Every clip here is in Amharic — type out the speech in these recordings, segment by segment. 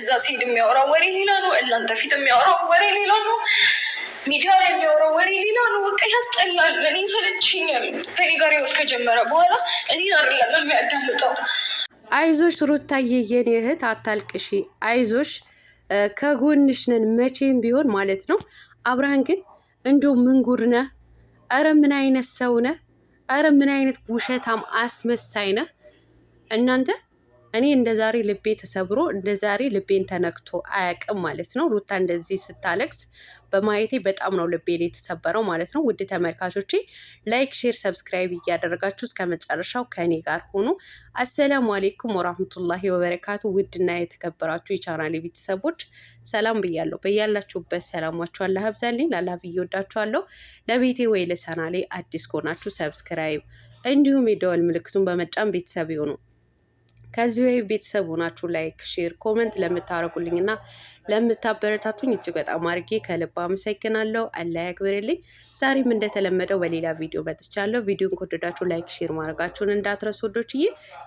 እዛ ሲሄድ የሚያወራው ወሬ ሌላ ነው፣ እናንተ ፊት የሚያወራው ወሬ ሌላ ነው፣ ሚዲያ ላይ የሚያወራው ወሬ ሌላ ነው። በቃ ያስጠላል። እኔ ሰለችኛል። ከኔ ጋር ህይወት ከጀመረ በኋላ እኔን አይደለም የሚያዳምጠው። አይዞሽ ሩታዬ፣ የኔ እህት አታልቅሺ፣ አይዞሽ ከጎንሽ ነን መቼም ቢሆን ማለት ነው። አብርሃን ግን እንደው ምን ጉድ ነህ? ኧረ ምን አይነት ሰው ነህ? ኧረ ምን አይነት ውሸታም አስመሳይ ነህ እናንተ እኔ እንደ ዛሬ ልቤ ተሰብሮ እንደ ዛሬ ልቤን ተነክቶ አያውቅም ማለት ነው። ሩታ እንደዚህ ስታለቅስ በማየቴ በጣም ነው ልቤን የተሰበረው ማለት ነው። ውድ ተመልካቾቼ ላይክ፣ ሼር፣ ሰብስክራይብ እያደረጋችሁ እስከ መጨረሻው ከእኔ ጋር ሆኑ። አሰላሙ አሌይኩም ወራህመቱላሂ ወበረካቱ። ውድና የተከበራችሁ የቻናል ቤተሰቦች ሰላም ብያለሁ። በያላችሁበት ሰላማችሁ አላህ አብዛልኝ። ላላህ ብዬ ወዳችኋለሁ። ለቤቴ ወይ ለቻናሌ አዲስ ከሆናችሁ ሰብስክራይብ እንዲሁም የደወል ምልክቱን በመጫን ቤተሰብ ይሁኑ። ከዚህ ወይ ቤተሰብ ሆናችሁ ላይክ፣ ሼር፣ ኮመንት ለምታረጉልኝ እና ለምታበረታቱኝ እጅግ በጣም አድርጌ ከልብ አመሰግናለሁ። አላህ ያክብርልኝ። ዛሬም እንደተለመደው በሌላ ቪዲዮ መጥቻለሁ። ቪዲዮን ከወደዳችሁ ላይክ፣ ሼር ማድረጋችሁን እንዳትረሱ ወዶችዬ።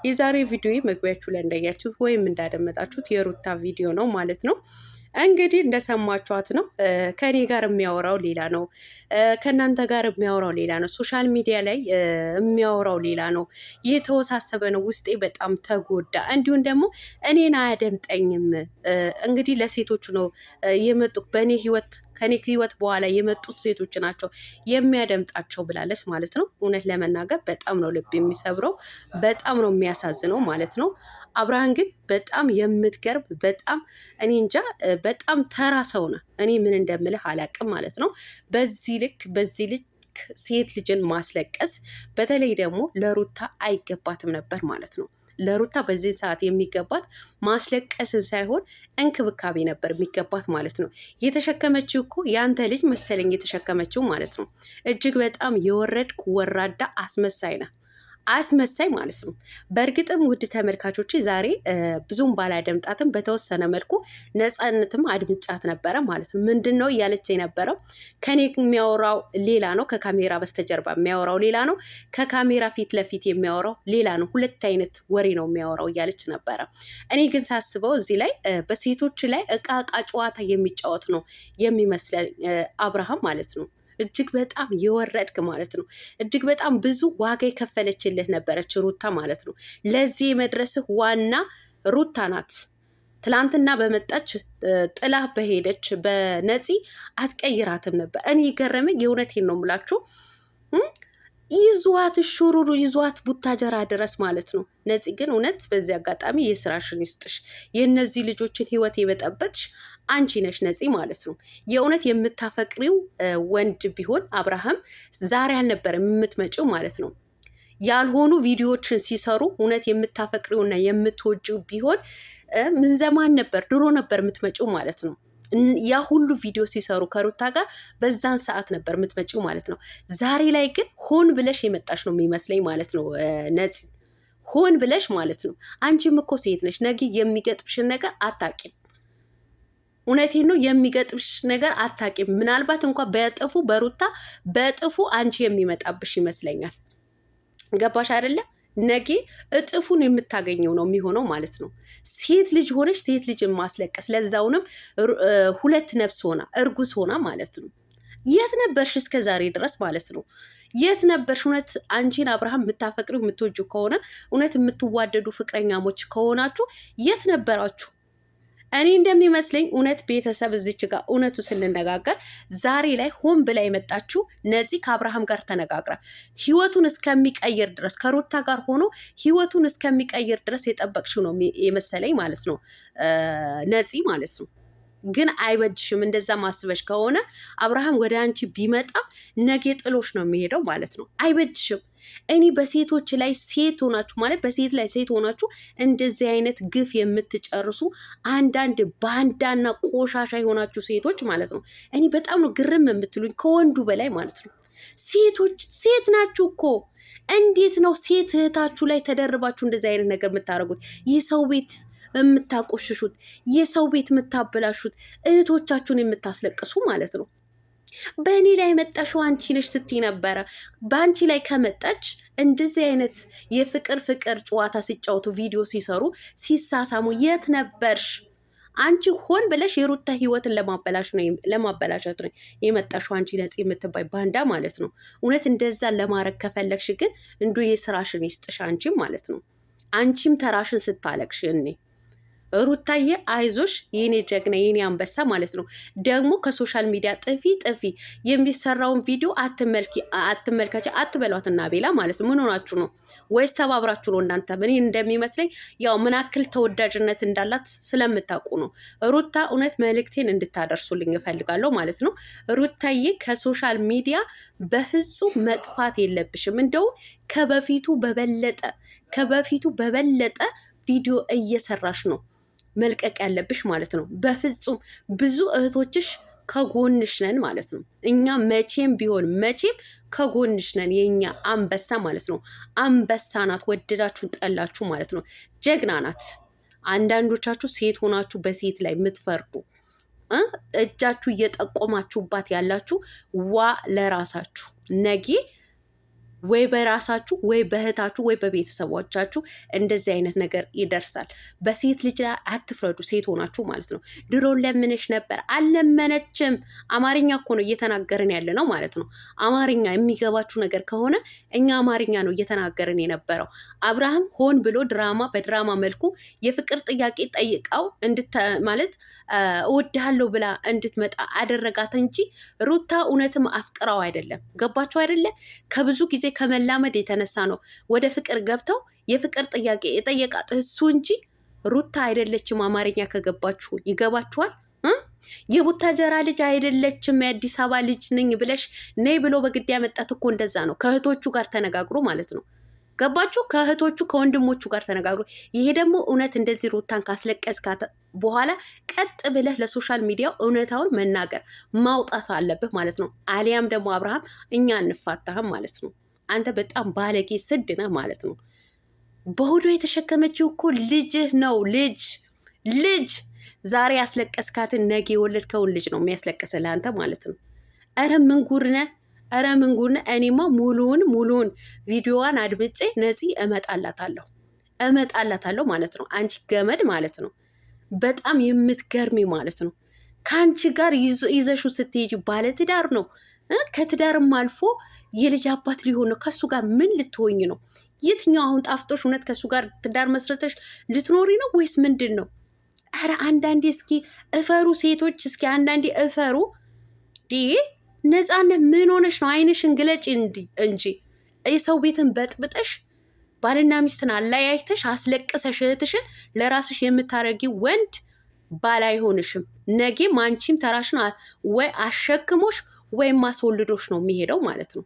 የዛሬ ቪዲዮ መግቢያችሁ ላይ እንዳያችሁት ወይም እንዳደመጣችሁት የሩታ ቪዲዮ ነው ማለት ነው። እንግዲህ እንደሰማችኋት ነው። ከኔ ጋር የሚያወራው ሌላ ነው፣ ከእናንተ ጋር የሚያወራው ሌላ ነው፣ ሶሻል ሚዲያ ላይ የሚያወራው ሌላ ነው። የተወሳሰበ ነው። ውስጤ በጣም ተጎዳ። እንዲሁም ደግሞ እኔን አያደምጠኝም። እንግዲህ ለሴቶቹ ነው የመጡ በእኔ ህይወት ከኔ ህይወት በኋላ የመጡት ሴቶች ናቸው የሚያደምጣቸው ብላለች ማለት ነው። እውነት ለመናገር በጣም ነው ልብ የሚሰብረው፣ በጣም ነው የሚያሳዝነው ማለት ነው። አብርሃም ግን በጣም የምትገርም በጣም እኔ እንጃ በጣም ተራ ሰው ነው። እኔ ምን እንደምልህ አላቅም ማለት ነው። በዚህ ልክ በዚህ ልክ ሴት ልጅን ማስለቀስ በተለይ ደግሞ ለሩታ አይገባትም ነበር ማለት ነው። ለሩታ በዚህ ሰዓት የሚገባት ማስለቀስን ሳይሆን እንክብካቤ ነበር የሚገባት ማለት ነው። የተሸከመችው እኮ የአንተ ልጅ መሰለኝ የተሸከመችው ማለት ነው። እጅግ በጣም የወረድክ ወራዳ አስመሳይ ነህ። አስመሳይ ማለት ነው። በእርግጥም ውድ ተመልካቾች ዛሬ ብዙም ባላደምጣትም በተወሰነ መልኩ ነፃነትም አድምጫት ነበረ ማለት ነው። ምንድን ነው እያለች የነበረው ከኔ የሚያወራው ሌላ ነው፣ ከካሜራ በስተጀርባ የሚያወራው ሌላ ነው፣ ከካሜራ ፊት ለፊት የሚያወራው ሌላ ነው። ሁለት አይነት ወሬ ነው የሚያወራው እያለች ነበረ። እኔ ግን ሳስበው እዚህ ላይ በሴቶች ላይ እቃ እቃ ጨዋታ የሚጫወት ነው የሚመስለን አብርሃም ማለት ነው። እጅግ በጣም የወረድክ ማለት ነው። እጅግ በጣም ብዙ ዋጋ የከፈለችልህ ነበረች ሩታ ማለት ነው። ለዚህ የመድረስህ ዋና ሩታ ናት። ትላንትና በመጣች ጥላ በሄደች በነፂ አትቀይራትም ነበር። እኔ የገረመኝ የእውነቴን ነው የምላችሁ ይዟት ሹሩሩ ይዟት ቡታጀራ ድረስ ማለት ነው። ነፂ ግን እውነት በዚህ አጋጣሚ የስራሽን ይስጥሽ። የእነዚህ ልጆችን ህይወት የበጠበጥሽ አንቺ ነሽ ነፂ ማለት ነው። የእውነት የምታፈቅሪው ወንድ ቢሆን አብርሃም ዛሬ አልነበረም የምትመጪው ማለት ነው። ያልሆኑ ቪዲዮዎችን ሲሰሩ እውነት የምታፈቅሪውና የምትወጪው ቢሆን ምን ዘማን ነበር ድሮ ነበር የምትመጪው ማለት ነው። ያ ሁሉ ቪዲዮ ሲሰሩ ከሩታ ጋር በዛን ሰዓት ነበር የምትመጪው ማለት ነው። ዛሬ ላይ ግን ሆን ብለሽ የመጣሽ ነው የሚመስለኝ ማለት ነው ነፂ ሆን ብለሽ ማለት ነው። አንቺም እኮ ሴት ነሽ። ነገ የሚገጥምሽን ነገር አታውቂም። እውነቴን ነው። የሚገጥምሽ ነገር አታቂም። ምናልባት እንኳ በጥፉ በሩታ በጥፉ አንቺ የሚመጣብሽ ይመስለኛል። ገባሽ አይደለም? ነጌ እጥፉን የምታገኘው ነው የሚሆነው ማለት ነው። ሴት ልጅ ሆነች ሴት ልጅ ማስለቀስ፣ ለዛውንም ሁለት ነፍስ ሆና እርጉዝ ሆና ማለት ነው። የት ነበርሽ እስከ ዛሬ ድረስ ማለት ነው? የት ነበርሽ? እውነት አንቺን አብርሃም የምታፈቅሪው የምትወጁ ከሆነ እውነት የምትዋደዱ ፍቅረኛሞች ከሆናችሁ የት ነበራችሁ? እኔ እንደሚመስለኝ እውነት ቤተሰብ እዚች ጋር እውነቱ ስንነጋገር ዛሬ ላይ ሆን ብላ የመጣችው ነፂ ከአብርሃም ጋር ተነጋግራ ህይወቱን እስከሚቀይር ድረስ ከሩታ ጋር ሆኖ ህይወቱን እስከሚቀይር ድረስ የጠበቅሽው ነው የመሰለኝ ማለት ነው ነፂ ማለት ነው። ግን አይበጅሽም። እንደዛ ማስበሽ ከሆነ አብርሃም ወደ አንቺ ቢመጣ ነገ ጥሎሽ ነው የሚሄደው ማለት ነው። አይበጅሽም። እኔ በሴቶች ላይ ሴት ሆናችሁ ማለት በሴት ላይ ሴት ሆናችሁ እንደዚህ አይነት ግፍ የምትጨርሱ አንዳንድ ባንዳና ቆሻሻ የሆናችሁ ሴቶች ማለት ነው። እኔ በጣም ነው ግርም የምትሉኝ ከወንዱ በላይ ማለት ነው። ሴቶች ሴት ናችሁ እኮ እንዴት ነው ሴት እህታችሁ ላይ ተደርባችሁ እንደዚህ አይነት ነገር የምታደርጉት? ይህ ሰው ቤት የምታቆሽሹት፣ የሰው ቤት የምታበላሹት፣ እህቶቻችሁን የምታስለቅሱ ማለት ነው። በእኔ ላይ የመጣሽው አንቺ ነሽ ስትይ ነበረ። በአንቺ ላይ ከመጣች እንደዚህ አይነት የፍቅር ፍቅር ጨዋታ ሲጫወቱ ቪዲዮ ሲሰሩ ሲሳሳሙ የት ነበርሽ? አንቺ ሆን ብለሽ የሩታ ህይወትን ለማበላሸት ነው የመጣሽው። አንቺ ነጽ የምትባይ ባንዳ ማለት ነው። እውነት እንደዛ ለማድረግ ከፈለግሽ ግን እንዱ የስራሽን ይስጥሽ አንቺም ማለት ነው። አንቺም ተራሽን ስታለቅሽ እኔ ሩታዬ አይዞሽ የኔ ጀግና የኔ አንበሳ ማለት ነው። ደግሞ ከሶሻል ሚዲያ ጥፊ ጥፊ የሚሰራውን ቪዲዮ አትመልከች አትበሏት እና ቤላ ማለት ነው። ምን ሆናችሁ ነው? ወይስ ተባብራችሁ ነው? እናንተ ምን እንደሚመስለኝ ያው ምን ተወዳጅነት እንዳላት ስለምታውቁ ነው። ሩታ እውነት መልእክቴን እንድታደርሱልኝ እፈልጋለሁ ማለት ነው። ሩታዬ ከሶሻል ሚዲያ በፍጹም መጥፋት የለብሽም። እንደው ከበፊቱ በበለጠ ከበፊቱ በበለጠ ቪዲዮ እየሰራሽ ነው። መልቀቅ ያለብሽ ማለት ነው። በፍጹም ብዙ እህቶችሽ ከጎንሽ ነን ማለት ነው። እኛ መቼም ቢሆን መቼም ከጎንሽ ነን። የእኛ አንበሳ ማለት ነው። አንበሳ ናት፣ ወደዳችሁን ጠላችሁ ማለት ነው። ጀግና ናት። አንዳንዶቻችሁ ሴት ሆናችሁ በሴት ላይ የምትፈርዱ እጃችሁ እየጠቆማችሁባት ያላችሁ ዋ ለራሳችሁ ነጌ ወይ በራሳችሁ ወይ በእህታችሁ ወይ በቤተሰቦቻችሁ እንደዚህ አይነት ነገር ይደርሳል። በሴት ልጅ ላይ አትፍረዱ፣ ሴት ሆናችሁ ማለት ነው። ድሮ ለምንሽ ነበር አልለመነችም። አማርኛ እኮ ነው እየተናገርን ያለ ነው ማለት ነው። አማርኛ የሚገባችሁ ነገር ከሆነ እኛ አማርኛ ነው እየተናገርን የነበረው። አብርሃም ሆን ብሎ ድራማ በድራማ መልኩ የፍቅር ጥያቄ ጠይቃው እንድት ማለት እወድሃለሁ ብላ እንድትመጣ አደረጋት እንጂ ሩታ እውነትም አፍቅራው አይደለም። ገባችሁ አይደለ? ከብዙ ጊዜ ከመላመድ የተነሳ ነው ወደ ፍቅር ገብተው የፍቅር ጥያቄ የጠየቃት እሱ እንጂ ሩታ አይደለችም። አማርኛ ከገባችሁ ይገባችኋል። የቡታጀራ ልጅ አይደለችም የአዲስ አበባ ልጅ ነኝ ብለሽ ነይ ብሎ በግድ ያመጣት እኮ እንደዛ ነው። ከእህቶቹ ጋር ተነጋግሮ ማለት ነው። ገባችሁ? ከእህቶቹ ከወንድሞቹ ጋር ተነጋግሮ። ይሄ ደግሞ እውነት እንደዚህ ሩታን ካስለቀስካት በኋላ ቀጥ ብለህ ለሶሻል ሚዲያው እውነታውን መናገር ማውጣት አለብህ ማለት ነው። አሊያም ደግሞ አብርሃም እኛ እንፋታህም ማለት ነው። አንተ በጣም ባለጌ ስድ ማለት ነው። በሆዷ የተሸከመችው እኮ ልጅህ ነው። ልጅ ልጅ ዛሬ ያስለቀስካትን ነገ የወለድከውን ልጅ ነው የሚያስለቀሰ ለአንተ ማለት ነው። ረ ምንጉርነ ነህ! ምንጉርነ እኔማ ሙሉውን ሙሉውን ቪዲዮዋን አድምጬ ነፂ እመጣላታለሁ እመጣላታለሁ ማለት ነው። አንቺ ገመድ ማለት ነው። በጣም የምትገርሚ ማለት ነው። ከአንቺ ጋር ይዘሹ ስትሄጂ ባለትዳር ነው ከትዳርም አልፎ የልጅ አባት ሊሆን ነው። ከሱ ጋር ምን ልትሆኝ ነው? የትኛው አሁን ጣፍጦሽ እውነት ከሱ ጋር ትዳር መስረተሽ ልትኖሪ ነው ወይስ ምንድን ነው? አረ አንዳንዴ እስኪ እፈሩ ሴቶች፣ እስኪ አንዳንዴ እፈሩ። ነፃነት ምን ሆነሽ ነው? አይንሽን ግለጭ እንጂ የሰው ቤትን በጥብጠሽ ባልና ሚስትን አለያይተሽ አስለቅሰሽ እህትሽን ለራስሽ የምታደርጊው ወንድ ባል አይሆንሽም። ነገም አንቺም ተራሽን ወይ አሸክሞሽ ወይም ማስወልዶች ነው የሚሄደው ማለት ነው።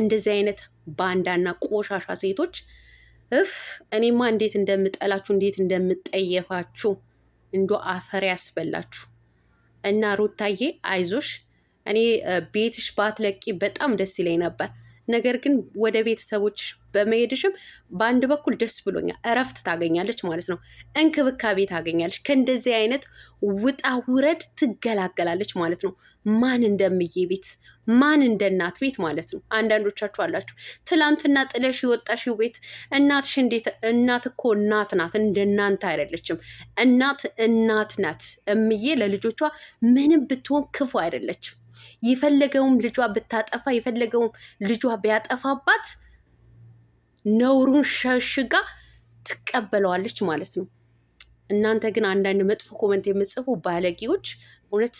እንደዚህ አይነት ባንዳና ቆሻሻ ሴቶች እፍ እኔማ እንዴት እንደምጠላችሁ እንዴት እንደምጠየፋችሁ እንዶ አፈር ያስበላችሁ። እና ሩታዬ አይዞሽ፣ እኔ ቤትሽ ባትለቂ በጣም ደስ ይለኝ ነበር። ነገር ግን ወደ ቤተሰቦች በመሄድሽም በአንድ በኩል ደስ ብሎኛል። እረፍት ታገኛለች ማለት ነው። እንክብካቤ ታገኛለች። ከእንደዚህ አይነት ውጣ ውረድ ትገላገላለች ማለት ነው። ማን እንደምዬ ቤት ማን እንደ እናት ቤት ማለት ነው። አንዳንዶቻችሁ አላችሁ ትላንትና ጥለሽ የወጣሽው ቤት እናትሽ እንዴት እናት እኮ እናት ናት፣ እንደ እናንተ አይደለችም። እናት እናት ናት። እምዬ ለልጆቿ ምንም ብትሆን ክፉ አይደለችም። የፈለገውም ልጇ ብታጠፋ የፈለገውም ልጇ ቢያጠፋባት ነውሩን ሸሽጋ ትቀበለዋለች ማለት ነው። እናንተ ግን አንዳንድ መጥፎ ኮመንት የምጽፉ ባለጌዎች እውነት